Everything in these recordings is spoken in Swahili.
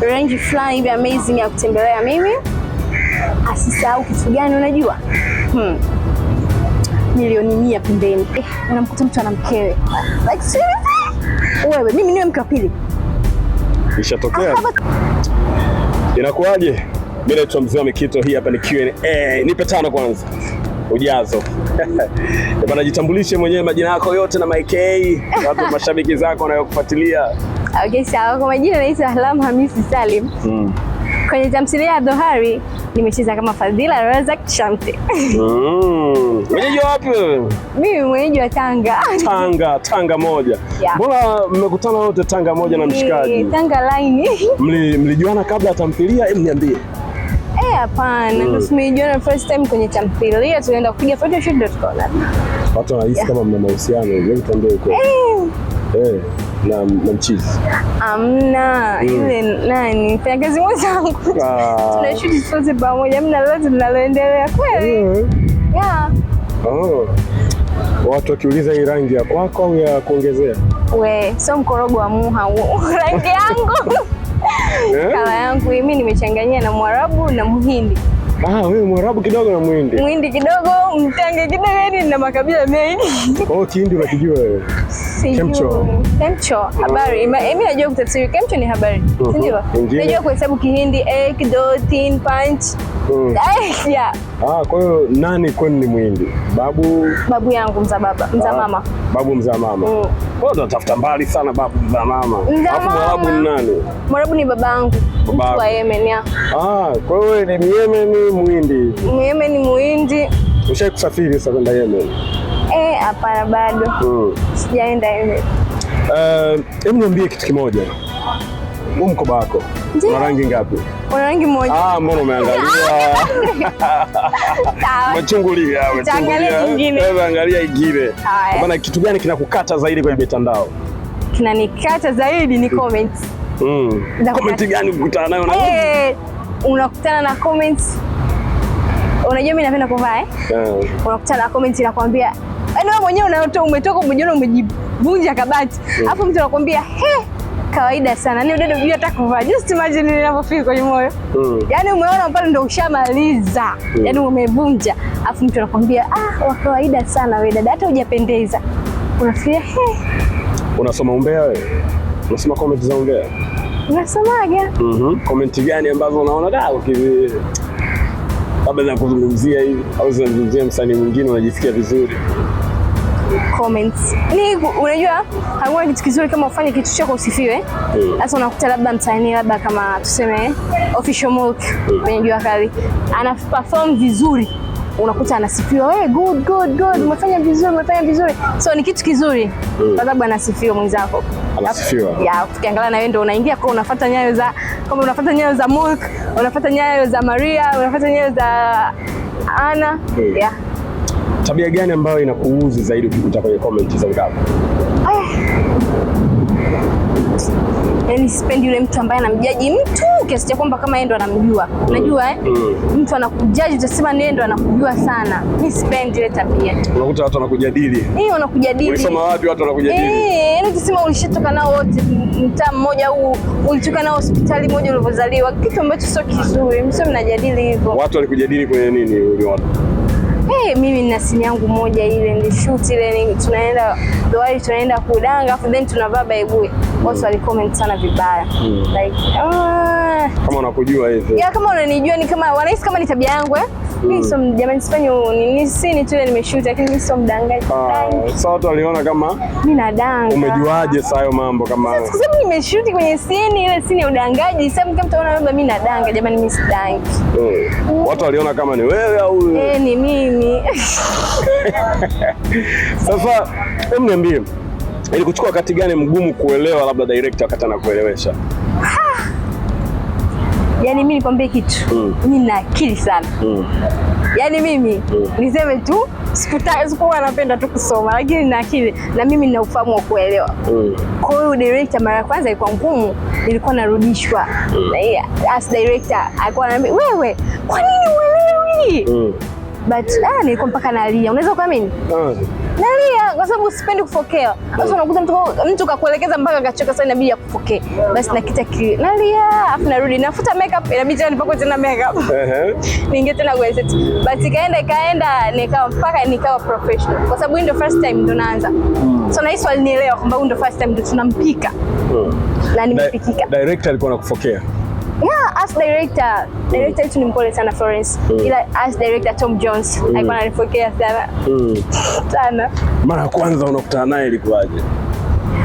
range fulani hivi amazing ya kutembelea. Mimi asisahau kitu gani? Unajua hmm. milioni mia pembeni, eh, unamkuta mtu ana mkewe like seriously, wewe mimi niwe mke wa pili ishatokea inakuwaje? Mimi naitwa Mzee wa Mikito, hii hapa ni Q&A. Nipe tano kwanza ujazo bana, jitambulishe mwenyewe majina yako yote na mik watu mashabiki zako wanayokufuatilia Okay, sawa. Kwa majina naitwa Alam Hamisi Salim. Mm. Kwenye tamthilia ya Dhoari nimecheza kama Fadhila Razak Shamte. Mm. Mwenyeji wapi wewe? Mimi mwenyeji wa Tanga. Tanga, Tanga moja. Mbona yeah, mmekutana wote Tanga moja na mshikaji? Tanga line. Mli, mlijuana kabla ya tamthilia? Hebu niambie. Eh, hapana. Mm. Tumejuana first time kwenye tamthilia tulienda kupiga photoshoot. Watu wanahisi kama mna mahusiano. Hebu tuambie ukweli. Eh eh, na, na mchizi amna mm. Yule nani mfanyakazi mwenzangu ah. tunashuti sote pamoja, amna lolote linaloendelea kweli mm. yeah. oh. Watu wakiuliza hii rangi ya kwako au ya kuongezea? We, sio mkorogo wa muha rangi yangu eh? kala yangu mimi nimechanganyia na Mwarabu na Muhindi. Ah, wewe Mwarabu kidogo na Mwindi. Mwindi kidogo, Mtanga kidogo, yani na makabila mengi. hiyo Kihindi unakijua wewe? Kemcho. Kemcho, habari. Ah. Mimi eh, najua kutafsiri Kemcho ni habari. Sindio? Mhm. Najua kuhesabu Kihindi, ek, do, tin, punch mm. yeah. Ah, kwa hiyo nani kwenu ni mwindi? Babu babu yangu mza baba, mza ah, mama. Babu mza mama. Mm. Kwa hiyo unatafuta mbali sana babu mza mama. Alafu Mwarabu ni nani? Mwarabu ni baba yangu. Baba wa Yemen ya. Ah, kwa hiyo wewe ni Yemen mwindi. Yemen mwindi. Ushawahi kusafiri sasa kwenda Yemen? Eh, hapana bado. Mm. Sijaenda Yemen. Eh, uh, niambie kitu kimoja. Mkoba wako Una rangi ngapi? Una rangi moja. Ah, mbona umeangalia? Ah, Sawa. Machungulia, machungulia. Wewe angalia ingine. Bana, kitu gani kinakukata zaidi kwenye mitandao? Kinanikata zaidi ni comments. Mm. Na Comment gani ukutana nayo na? Eh, unakutana na comments. Unajua mimi napenda kuvaa eh? Yeah. Unakutana na comments inakwambia, "Eh, wewe mwenyewe unatoka umetoka mwenyewe umejivunja kabati. Hmm. Alafu mtu anakuambia, "He, kawaida sana, ni udada hujui hata kuvaa. Just imagine ninavyofika kwenye moyo mm. Yani umeona pale ndo ushamaliza mm. Yani umevunja, afu mtu anakwambia ah, wa kawaida sana wewe dada, hata hujapendeza. Unafikiria he, Unasoma umbea wewe, unasoma comment za umbea unasomaga? mm-hmm. Comment gani ambazo unaona da ukivi labda za kuzungumzia hivi au zinazungumzia msanii mwingine unajisikia vizuri comments. Ni unajua hakuna kitu kizuri kama ufanye kitu chako usifiwe. Mm. Sasa mm. unakuta labda msanii labda kama tuseme Official Milk mm. mwenye jua kali ana perform vizuri unakuta anasifiwa, we good good good, umefanya mm. vizuri, umefanya vizuri. So ni kitu kizuri mm. kwa sababu anasifiwa mwenzako, anasifiwa ya tukiangalia, na wewe ndio unaingia kwa, unafuata nyayo za kama unafuata nyayo za Mulk, unafuata nyayo za Maria, unafuata nyayo za Ana, yeah tabia gani ambayo inakuuzi zaidi ukikuta kwenye comment za Udaku? Ah. Yaani sipendi yule mtu ambaye anamjaji mtu kiasi cha kwamba kama yeye ndo anamjua. Mm. Unajua eh? Mm. Mtu anakujaji utasema yeye ndo anakujua sana. Mimi sipendi ile tabia. Unakuta watu wanakujadili. Eh, wanakujadili. Ulisoma wapi watu wanakujadili? Eh, yaani utasema ulishatoka nao wote mtaa mmoja huu, ulitoka nao hospitali moja ulivyozaliwa, kitu ambacho sio kizuri. Msio mnajadili hivyo. Watu walikujadili kwenye nini? Uliona? mimi nina sini yangu moja ile nilishoot ile, tunaenda Doari, tunaenda kudanga afu then tunavaa baibui watu walicomment sana vibaya mm. like uh, kama unakujua hivi ya kama unanijua ni kama wanahisi kama ni tabia yangu eh mimi hmm. sio jamani, sifanye nini, si ni tule nimeshoot, lakini mimi sio mdangaji. Ah, sasa watu waliona kama mimi nadanga. Umejuaje sasa hayo mambo kama sasa Kwa sababu nimeshoot kwenye scene ile, scene ya udangaji. Sasa mkiwa mtaona labda mimi nadanga, jamani, mimi sidangi. Hmm. Watu waliona kama ni wewe au eh, ni mimi. Sasa hebu niambie ilikuchukua wakati gani mgumu kuelewa, labda director wakati anakuelewesha? Ah. Yaani mimi nikwambie kitu mm. mimi na akili sana mm. yaani mimi mm. niseme tu sikuwa napenda tu kusoma, lakini na akili na mimi nina ufahamu wa kuelewa mm. kwa hiyo director mara ya kwanza ilikuwa ngumu, nilikuwa narudishwa mm. Eh, as director alikuwa ananiambia wewe, kwa nini uelewi? mm. but ah, nilikuwa mpaka nalia, unaweza kuamini? mm nalia yaani, kwa sababu sipendi kupokea Sasa unakuta mtu mtu kakuelekeza mpaka akachoka, sasa inabidi akufokee. Basi nakita kile nalia, afu narudi nafuta makeup, inabidi tena nipakwe tena makeup niingie tena set. Basi ikaenda ikaenda, nikawa mpaka nikawa professional, kwa sababu ndio first time ndo naanza. Hmm. So na hizo alinielewa kwamba ndio first time ndo tunampika hmm. na nimepikika. Director alikuwa anakufokea Yeah, as director hmm. director yetu mm. ni mpole sana Florence mm. ila as director Tom Jones mm. alikuwa ananipokea sana mm. sana. Mara ya kwanza unakutana naye ilikuwaje?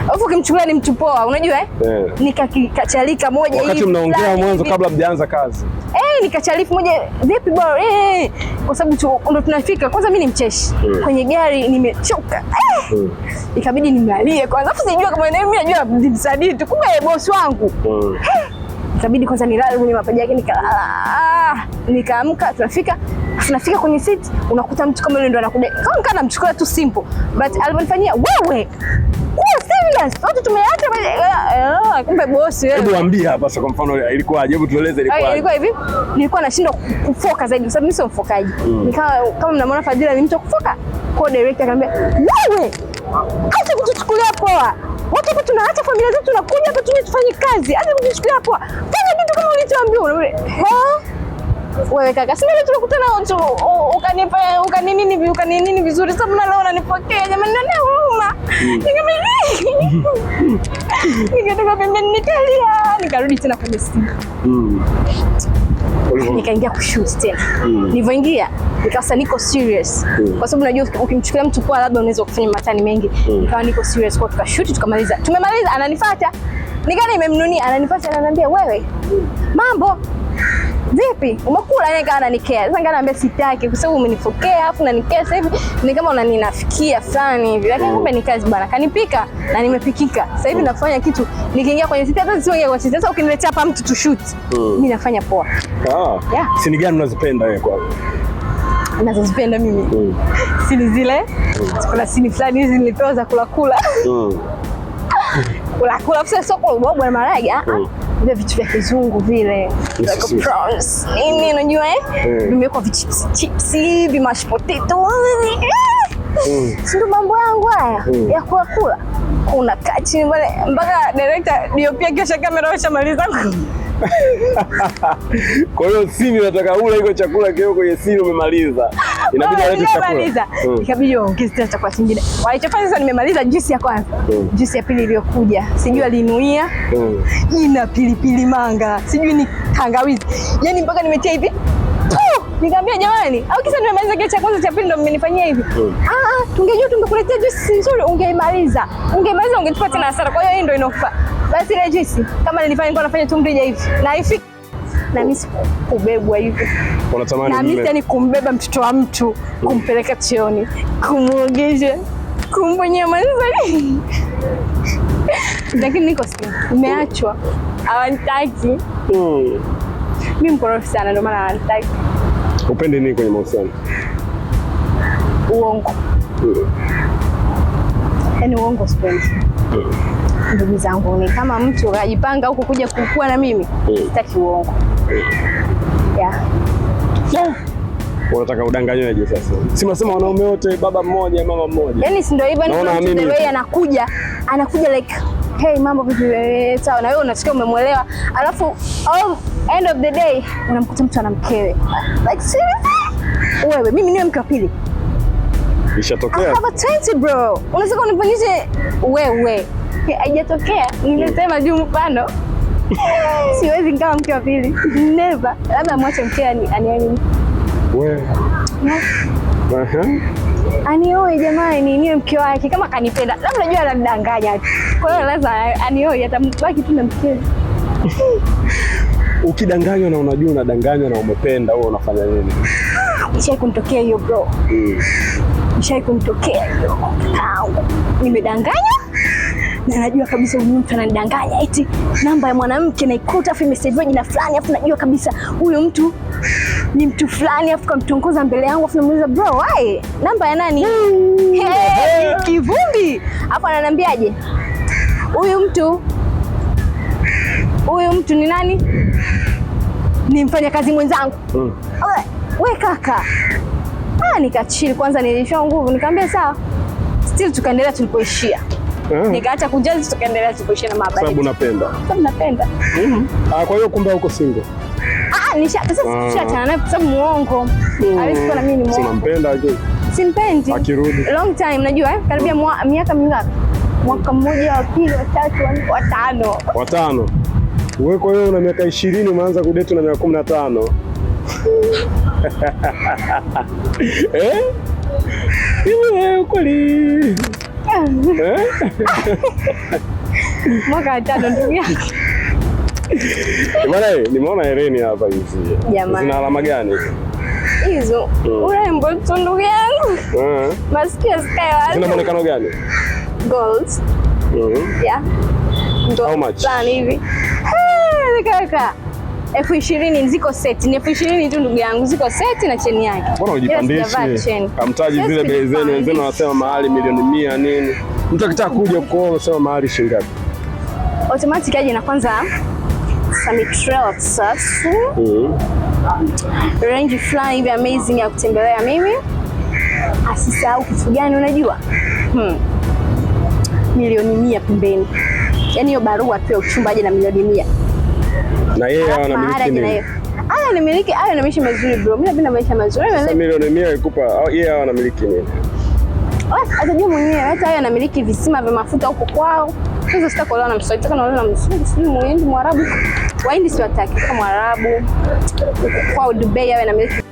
Alafu ukimchukulia ni mtu poa, unajua eh? Yeah. Nikakachalika moja hivi. Wakati mnaongea mwanzo kabla mjaanza kazi. Eh, hey, nikachalifu moja vipi bro? Eh, Hey. Eh. kwa sababu tu ndo tunafika. Kwanza mimi ni mcheshi. Mm. Kwenye gari nimechoka. Eh. Mm. Ikabidi nilalie kwanza. Alafu sijua kama nani mimi najua msanii tu kumbe bosi wangu. Mm. Eh ikabidi kwanza nilale kwenye mapaja yake, nikalala. Ah, nikaamka, tunafika tunafika kwenye sit unakuta mtu kama yule ndo anakudai, kama mchukua tu simple, but alivyonifanyia wewe yes, wote tumeacha uh, kumbe bosi wewe. Hebu waambie hapa sasa, kwa mfano ilikuwaje? Hebu tueleze ilikuwaje. Ilikuwa hivi, nilikuwa nashindwa kufoka zaidi kwa sababu mimi sio mfokaji. Mm. Nikawa kama mnamwona Fadhila ni mtu kufoka. Kwa director akaniambia, "Wewe, acha kutuchukulia poa. Watu hapa tunaacha familia zetu tunakuja hapa tuje tufanye kazi. Acha kutuchukulia poa. Fanya kitu kama ulichoambiwa." Wewe kaka, si ndio ukanipa ukaninini ukaninini vizuri, sababu na leo unanipokea jamani, na leo nyuma nikatoka pembeni nikalia, nikarudi tena kwenye simu nikaingia kushuti tena. Nilivyoingia nikawa niko serious, hmm. kwa sababu najua ukimchukulia mtu poa, labda unaweza kufanya matani mengi. Hmm. Nikawa niko serious kwa, tukashuti tukamaliza, tumemaliza, ananifuata nikaa nimemnunia, ananifuata ananiambia, wewe mambo vipi, umekula? yeye? Yaani kana ananikea. Sasa ngana ambia sitaki, kwa sababu umenifokea afu na nanikea sasa hivi ni kama unaninafikia fulani hivi, lakini kumbe ni kazi bwana. Kanipika na nimepikika. Sasa hivi nafanya kitu, nikiingia kwenye sitaki, hata sio kwa sitaki. Sasa ukiniletea hapa mtu tu shoot, hmm. mimi nafanya poa. Ah, yeah. Sini gani unazipenda wewe kwako? Nazozipenda mimi mm. Sini zile mm. Kuna sini fulani hizi nilipewa za kulakula kulakula, hmm. sio kula ubovu na maraga ah. hmm vile vitu vya kizungu vile like prawns nini, unajua eh, mm. vimewekwa vichips chipsi, vimash potato mm. sindo mambo yangu haya mm. ya kula kula, kuna kachi mbale mpaka director DOP akiosha kamera ushamaliza. Kwa hiyo sini nataka ule iko chakula kio kwenye sini umemaliza. Oh, mm. ikabidi waongeze tena chakula kingine. Walichofanya sasa, nimemaliza juisi ya kwanza, mm. juisi ya pili iliyokuja sijui alinuia jina mm. pilipili manga, sijui ni tangawizi, yaani mpaka nimetia hivi Nikamwambia jamani, au kisa nimemaliza kile cha kwanza cha pili ndo mmenifanyia hivi? Ah, ah, tungejua tungekuletea juice nzuri ungeimaliza. Ungeimaliza ungetupa tena hasara. Kwa hiyo hii ndo inofaa. Basi ile juice kama nilifanya nilikuwa nafanya tu mrija hivi. Na ifiki nami kubebwa hivyo. Unatamani mimi yani kumbeba mtoto wa mtu kumpeleka chooni kumwogesha kumponye mazani lakini niko si nimeachwa, hawanitaki mm. Mi mkorofi sana, ndio maana hawanitaki. Upende nini kwenye mahusiano? Uongo mm. Yaani uongo sipendi hmm. ndugu zangu, ni kama mtu kajipanga huko kuja kukua na mimi hmm. sitaki uongo yeah. Yeah. Unataka udanganyaje sasa? Si nasema wanaume wote baba mmoja mama mmoja. Yaani si ndio hivyo ni anakuja anakuja like hey mambo vipi wewe? sawa na wewe unasikia umemwelewa. Alafu all oh, end of the day unamkuta mtu ana mkewe. Like seriously? Wewe mimi niwe mke wa pili. Ishatokea. I have a 20 bro. Unasikia unifanyishe wewe. Haijatokea. Nimesema juu mfano. siwezi nikawa mke wa pili never. Labda mwache mke aniani anioe jamani, niwe mke wake kama kanipenda. Labda najua anamdanganya tu, kwa hiyo lazima anioe, atambaki tu na mke. Ukidanganywa na unajua unadanganywa na umependa, wewe unafanya nini? Ishai kumtokea hiyo bro, ishai mm. kumtokea hiyo. Nimedanganywa na najua kabisa huyu mtu ananidanganya, eti namba ya mwanamke naikuta, afu imeseviwa jina fulani, afu najua kabisa huyu mtu ni mtu fulani, afu kamtongoza mbele yangu, afu namuuliza bro, why namba ya nani? hey, kivumbi. Afu ananiambiaje huyu mtu huyu mtu ni nani? Ni mfanyakazi mwenzangu. Mm. We kaka, ah, nikachili kwanza, nilishwa nguvu, nikamwambia sawa, still tukaendelea tulipoishia uh-huh. Eh. Nikaacha kujazi tukaendelea kuishi na mabadi. Sababu napenda. Sababu napenda. Mm Ah, kwa hiyo kumbe huko single. Ah, ah, nisha sasa nishachana ah. naye kwa sababu muongo. Mm. Alisikia na mimi ni muongo. Unampenda aje? Simpendi. Akirudi. Long time najua eh, karibia mm. miaka mingapi? Mwaka mmoja, wa pili, wa tatu, wa tano. Wa tano. Wewe kwa hiyo una miaka 20 umeanza kudate na miaka 15. Eh? Kweli mwaka wa tano ndugu yangu. Bwana, nimeona hereni hapa hizi. Zina alama gani? Hizo mm. urembo tu ndugu yangu. Eh. Masikio sikae wazi. Zina muonekano gani? Gold. Mm. Yeah. How much? Hivi. Kaka elfu ishirini ziko set, ni elfu ishirini tu ndugu yangu, ziko set na cheni yake. Mbona ujipandishi? Kamtaji zile bei zenu, wenzenu wanasema mahali milioni mia nini, mtu akitaka kuja huko anasema mahali shingapi? Automatic aje na kwanza Mm. Range fulani hivi amazing ya kutembelea mimi. Asisahau kitu gani unajua? Hmm. Milioni mia pembeni, yaani hiyo barua pia uchumbaje na milioni mia na yeye anamiliki nini? Haya ni miliki, haya ni maisha mazuri bro. Mimi napenda maisha mazuri. Sasa milioni 100 ikupa, yeye anamiliki nini? Atajua mwenyewe hata yeye anamiliki visima vya mafuta huko kwao. Sasa Hizo sitakuolewa na Mswahili, nataka naolewa na Mswahili, si Muhindi, Mwarabu. Wahindi siwataki, kama Mwarabu. Kwao Dubai awe anamiliki